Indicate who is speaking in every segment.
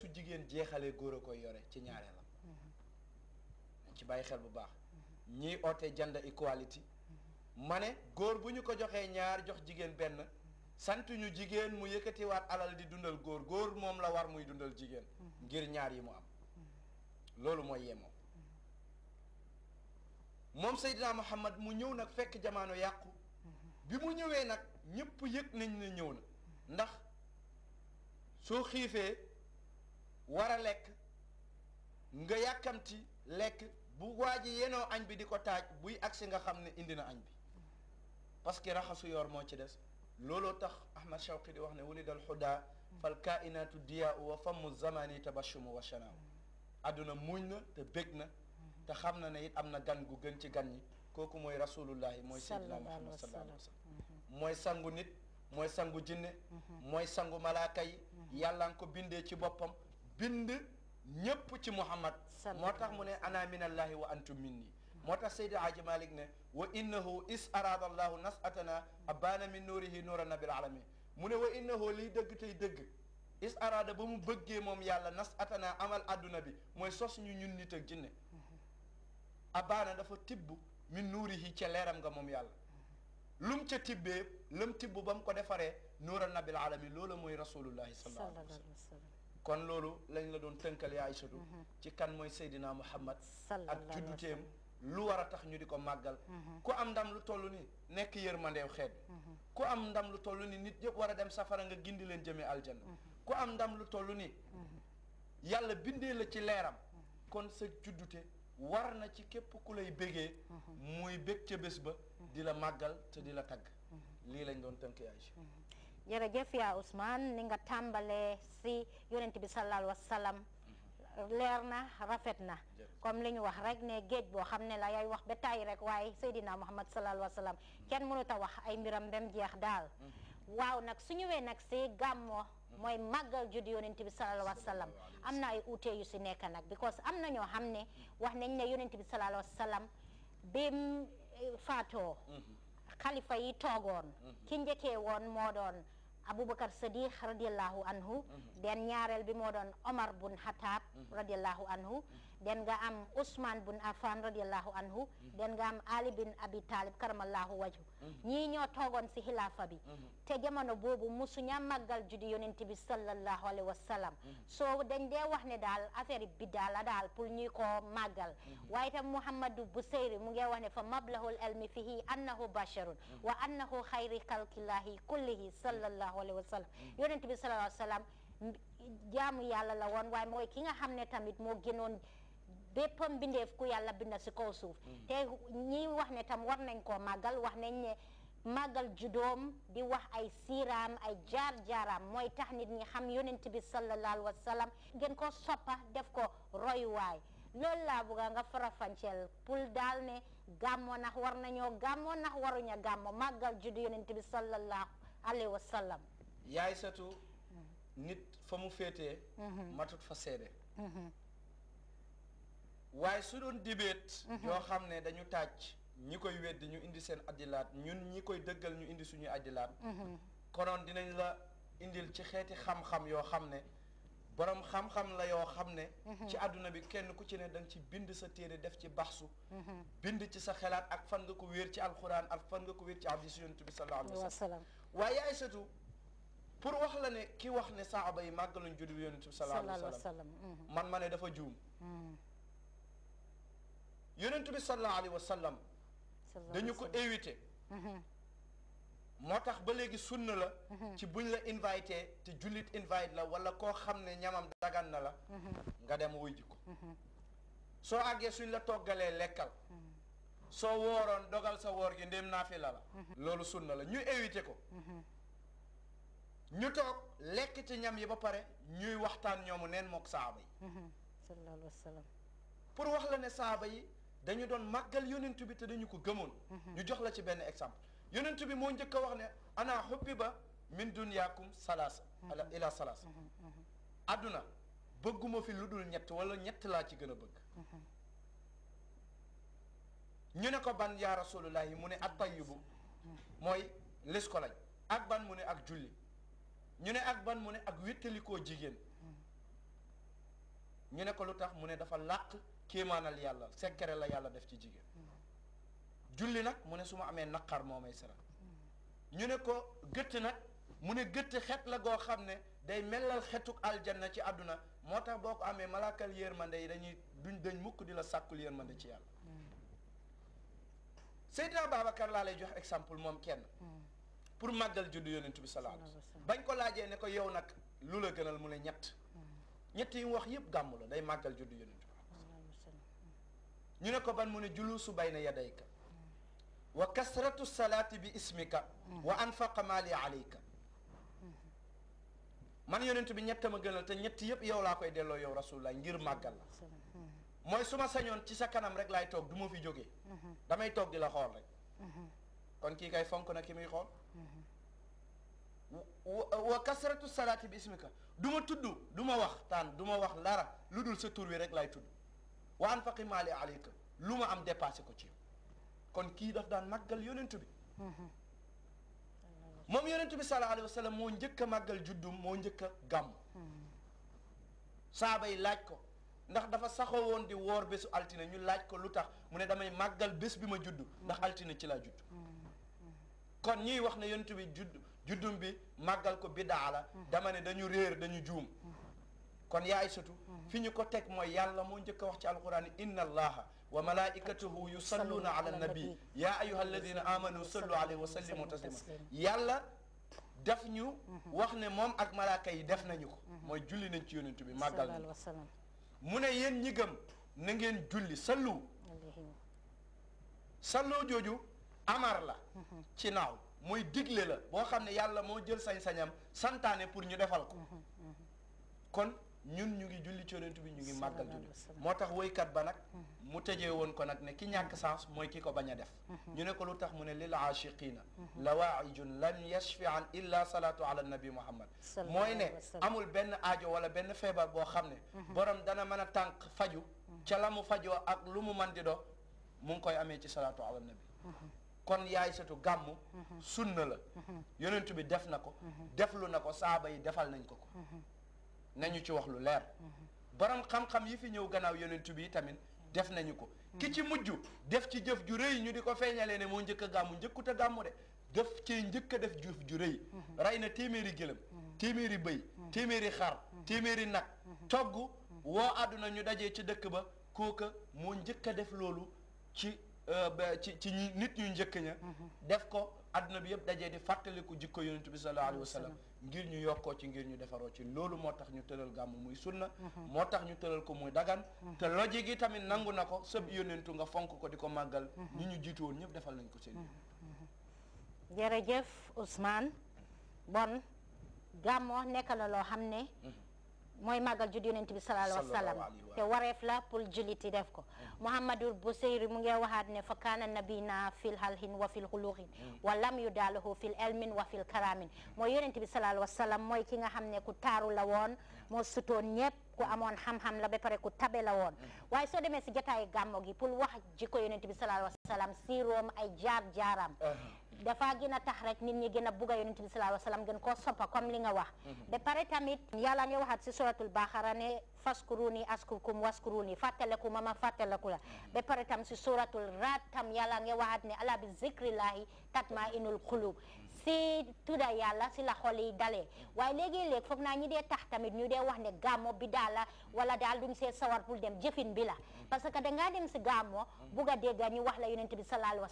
Speaker 1: su jigéen jeexalee góor a koy yore ci ñaareelam
Speaker 2: mm-hmm.
Speaker 1: ci bàyyi xel bu baax mm-hmm. ñiy oote janda equality mm-hmm. ma ne góor bu ñu ko joxee ñaar jox jigéen benn sant ñu jigéen mu yëkkatiwaat alal di dundal góor góor moom la war muy dundal jigéen ngir ñaar yi mu am loolu mooy yemoo moom Seydina Muhammad mu ñëw nag fekk jamono yàqu bi mu ñëwee nag ñëpp yëg nañ ne ñëw na ndax soo xiifee war a lekk nga yàkkamti lekk bu waa ji yenoo añ bi di ko taaj buy agsi nga xam ne indi na añ bi parce que raxasu yoor moo ci des looloo tax Ahmad Shawqi di wax ne wuli dal xudaa fal kainaatu diyaa wa famu zamani tabashumu wa shanaaw àdduna muñ na te bég na te xam na ne it am na gan gu gën ci gan ñi kooku mooy rasulullahi mooy sayyidina Muhammad sallallahu alayhi mm-hmm. mooy sangu nit mooy sangu jinne mm-hmm. mooy sangu malaaka yi mm-hmm. yàlla nga ko bindee ci boppam bind ñépp ci muhammad moo tax mu ne ana minallahi wa antum minni moo tax seydi haaji malik ne wa innahu is arada allahu nasatana abbaana min nuurihi nuuran nabil alamin mu ne wa innahu liy dëgg tey dëgg is araada ba mu bëggee moom yàlla nas nasatana amal àdduna bi mooy sos ñu ñun nit ak jinne abbaana dafa tibb min nuurihi ca leeram nga moom yàlla lum ca tibbee lam tibb ba mu ko defaree nuuran nabil alamin loola mooy rasulullahi sallallahu
Speaker 2: alayhi
Speaker 1: kon loolu lañ la doon tënkal yaay Aysatu mhm. ci kan mooy Seydina Muhammad ak judduteem lu war a tax ñu di ko màggal mhm. ku am ndam lu toll ni nekk yërmandeew xeet bi mhm. ku am ndam lu toll ni nit yëpp war a dem safara nga gindi leen jëmee aljanna ku am ndam lu toll ni yàlla bindee la ci leeram kon sa juddute war na ci képp ku lay bégee muy bég ca bés ba di la màggal te di la tagg lii lañ doon tënk yaay
Speaker 3: jërëjëf yaa Ousmane ni nga tàmbalee si yonent bi sallallahu alayhi leer na rafet na comme li ñu wax rek ne géej boo xam ne la yaay wax ba tàyyi rek waaye Seydina Muhammad sallallahu alayhi wa hmm. kenn mënut a wax ay mbiram bem jeex daal hmm. waaw nag su ñëwee nag si gàmmoo hmm. mooy màggal juddu yonent bi sallallahu alayhi am na ay uute yu si nekka nag because am na ñoo xam ne wax nañ ne yonent bi sallallahu alayhi wa sallam bim eh, faatoo xalifa yi toogoon ki njëkkee woon moo doon Aboubacar Sadiq radiallahu anhu mhm. den ñaareel bi moo doon Omar bun Xataab mhm. radiallahu anhu mhm. den nga am Ousmane bun Affan radiallahu anhu den nga am Ali bin Abi Talib karamallahu wajhu ñii ñoo toogoon si xilaafa bi te jamano boobu musuña màggal juddi yonent bi sallallahu alayhi wa sallam soo dañ dee wax ne daal affaire bi daal daal pour ñuy ko màggal waaye tam Muhammadu Busayri mu ngi wax ne fa mablahul ilmi fihi annahu basharun wa annahu xayri kalkillahi kullihi sallallahu sallallahu alayhi wa bi sallallahu alayhi yàlla la woon waaye mooy ki nga xam ne tamit moo gënoon bépp mbindeef ku yàlla binda si kaw suuf mm-hmm. te ñi wax ne tam war nañ koo màggal wax nañ ne màggal judóom di wax ay siiraam ay jaar-jaaraam mooy tax nit ñi xam yonent bi sallallahu alayhi wa sallam gën ko soppa def ko royuwaay lool laa bëgga nga farafanceel pour daal ne gàmmoo nax war nañoo gàmmoo nax waruña gàmmoo màggal juddu yonent bi sallallahu alayhi wa sallam
Speaker 1: yaay satu nit fa mu féetee mhm. matut fa seede mhm. waaye su doon dibeet mhm. yoo xam ne dañu tàcc ñi koy weddi ñu indi seen addilaat ñun ñi koy dëggal ñu indi suñuy addilaat konoon dinañ la indil ci xeeti xam-xam yoo xam ne borom xam-xam la yoo xam ne mhm. ci àdduna bi kenn ku ci ne da ci bind sa téere def ci baxsu mhm. bind ci sa xelaat ak fan nga ko wéer ci alxuraan ak fan nga ko wéer ci hadiis yonent bi sallallaahu sa wa sallam waaye ay satu pour wax la ne ki wax ne saaba yi màgg lañ juddu yonent bi sallallaahu alayhi wa man ma ne dafa juum mhm. yonent bi sallallaahu alayhi wa dañu ko éviter moo tax ba léegi sunna la mhm. ci buñ la invité te jullit invite la wala koo xam ne ñamam dagan na la mhm. nga dem wuy ji ko mhm. soo àggee suñ la toggalee lekkal soo wooroon dogal sa woor gi ndéem naa fi la la loolu sunna la ñu évité ko ñu toog lekk ci ñam yi ba pare ñuy waxtaan ñoomu neen mook saaba yi pour wax la ne saaba yi dañu doon màggal yonent bi te dañu ko gëmoon ñu jox la ci benn exemple yonent bi moo njëkk a wax ne ana ba min dunyaakum salaasa ala ila salaasa adduna bëgguma fi lu dul ñett wala ñett laa ci gën a bëgg ñu ne ko ban yaa rasulullahi mu ne ak at tayyibu mooy lis ko ak ban mu ne ak julli ñu ne ak ban mu ne ak wéttalikoo jigéen ñu ne ko lu tax mu ne dafa làq kéemaanal yàlla sekkere la yàlla def ci jigéen julli nag mu ne su ma amee naqar moom may sarax ñu ne ko gëtt nag mu ne gëtt xet la goo xam ne day melal xetuk na ci àdduna moo tax boo ko amee malaakal yërmande yi dañuy duñ dañ mukk di la sàkkul yërmande ci yàlla Seydina Babacar laa lay jox exemple moom kenn pour màggal juddu yonent bi sallallahu alayhi wasallam bañ ko laajee ne ko yow nag lu la gënal mu ne ñett ñetti yi wax yëpp gàmmu la day màggal juddu yonent ñu ne ko ban mu ne su julusu bayna yadayka wa kasratu salaati bi ismika wa anfaqa maali alayka man yonent bi ñett ma gënal te ñett yëpp yow laa koy delloo yow rasulullah ngir màggal la mooy su ma sañoon ci sa kanam rek laay toog du ma fi jógee damay toog di la xool rek kon kii kay fonk na ki muy xool wa kasratu salaati bi ismika du ma tudd du ma wax taan du ma wax lara lu dul sa tur wi rek lay tudd wa anfaqi maali alayka lu ma am dépassé ko ci kon kii daf daan màggal yonent bi mhm. moom yonent bi sallallahu alayhi wa moo njëkk a màggal juddum moo njëkk a mhm. saaba yi laaj ko ndax dafa saxoo woon di woor bésu altine ñu laaj ko lu tax mu ne damay màggal bés bi ma juddu ndax mhm. altine ci laa judd kon ñuy wax ne yonent bi juddum bi màggal ko biddaa la dama ne dañu réer dañu juum kon yaay sutu fi ñu ko teg mooy yàlla moo njëkk a wax ci alquran inna allaha wa malaikatahu yusalluuna ala nabi ya ayuha alladina amanu sallu alayhi wa sallimu taslima yàlla daf ñu wax ne moom ak malaaka yi def nañu ko mooy julli nañ ci yonentu bi màggal na mu ne yéen ñi gëm na ngeen julli sallu sallu jooju amar la ci naaw mooy digle la boo xam ne yàlla moo jël sañ-sañam santaane pour ñu defal ko kon ñun ñu ngi julli ci yonent bi ñu ngi màggal julli moo tax woykat ba nag mu tëjee woon ko nag ne ki ñàkk sens mooy ki ko bañ a def mhm. ñu ne ko lu tax mu ne lil aashiqiina mhm. lawaaijun lam yashfi an illa salaatu ala nabi muhammad mooy ne amul benn aajo wala benn feebar boo xam ne mhm. borom dana mën a tànk faju ca la mu fajoo ak lu mu man di do mu ngi koy amee ci salaatu ala nabi kon yaay satu gàmm sunna la yonent bi def na ko deflu na ko saaba yi defal nañ ko ko nañu ci wax lu leer borom xam-xam yi fi ñëw gannaaw yonent bi tamit def nañu ko ki ci mujj def ci jëf ju rëy ñu di ko feeñalee ne moo njëkk a gàmmu njëkkut a gàmmu de def ci njëkk a def jëf ju rëy rey na téeméeri gëlëm téeméeri bëy téeméeri xar téeméeri nag togg woo àdduna ñu dajee ci dëkk ba kooka moo njëkk def loolu ci euh, ci ci nit ñu njëkk ña mhm. def ko àdduna bi yëpp dajee di fàttaliku jikko yonent bi sallallahu alayhi wa sallam ngir ñu yokkoo ci ngir ñu defaroo ci loolu moo tax ñu tëral gàmmu muy sunna mhm. moo tax ñu tëral ko muy dagan mhm. te loji gi tamit nangu na ko sëb yónnentu nga fonk ko di ko màggal mhm. ñi ñu jiitu woon ñëpp defal nañ ko seen
Speaker 3: jërëjëf Ousmane bon gàmmoo nekk na loo xam ne mooy màggal judd yonent bi sallallahu alayhi wa sallam te wareef la pour julliti def ko mouhamadul mm-hmm. busayri mu ngi waxaat ne fa kaana nabina fil halhin wa fil xuluxin mm-hmm. wa lam yu daalahu fil elmin wa fil karamin mooy yonent bi sallallahu wa sallam mooy ki nga xam ne ku taaru la woon moo sutoon ñëpp ku amoon xam-xam la ba pare ku tabe la woon mm-hmm. waaye soo demee si jotaayu gàmmo gi pour wax jikko yonent bi sallallahu alayhi wa sallam siiroom ay jaar jaaram uh-huh. dafa gën na tax rek nit ñi gën a bugga yonent bi sallallahu alayhi wa sallam gën koo soppa comme li nga wax mm-hmm. ba pare tamit yàlla nga waxaat si suratul baaxara ne faskuruni askurkum waskuruni fàttaleku ma ma fàttaleku la mm-hmm. ba pare tam si suratul raad tam yàlla nga waxaat ne ala bi zikrillahi tatma inul qulub mm-hmm. si tuda yàlla si la xol yi dalee waaye léegi-léeg foog naa ñi dee tax tamit ñu dee wax ne gàmmo bi daal la wala daal duñ see sawar pour dem jëfin bi la parce que dangaa dem si gàmmo bugg a dégg ñu wax la yonent bi salaalu wa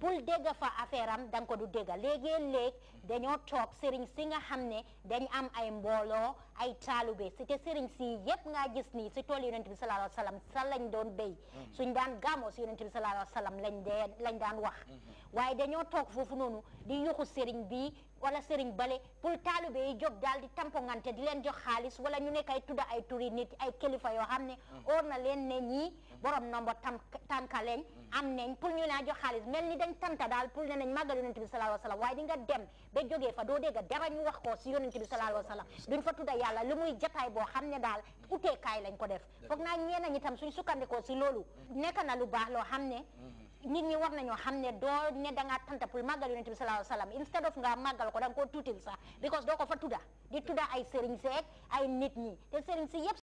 Speaker 3: pour mm-hmm. dégg fa affaire am danga du dégg léegi-léeg dañoo toog sëriñ si nga xam ne dañ am ay mbooloo ay taalube si te sëriñ si yëpp ngaa gis nii si tool yonent bi salaalu wa salaam sa lañ doon béy mm-hmm. suñ daan gàmmo si yonent bi salaalu wa lañ dee lañ daan wax mm-hmm. waaye dañoo toog foofu noonu di yuxu sëriñ bi wala sëriñ bale pour taalibe yi jóg daal di tampongante di leen jox xaalis wala ñu nekk ay tudda ay turi nit ay kilifa yoo xam ne óor mm. na leen ne ñii mm. borom nomba tam tànka leen mm. am nañ pour ñu laa jox xaalis mel ni dañ tanta daal pour ne nañ màggal yonent bi sallallahu alayhi wa waaye nga dem ba jógee fa doo dégg dara ñu wax ko si yonent bi sallallahu alayhi wa sallam duñ fa tudda yàlla li muy jataay boo xam ne daal uteekaay lañ ko def foog naa ñeen ñi tam suñ sukkandikoo si loolu nekk na lu baax loo xam ne nit ñi war na nañoo xam ne doo ne da ngaa tanta pour màggal yonent bi sallallahu alayhi wa instead of nga màggal ko da nga koo tuutil because doo ko fa tudda di tudda ay sëriñ seeg ay nit ñi te sëriñ si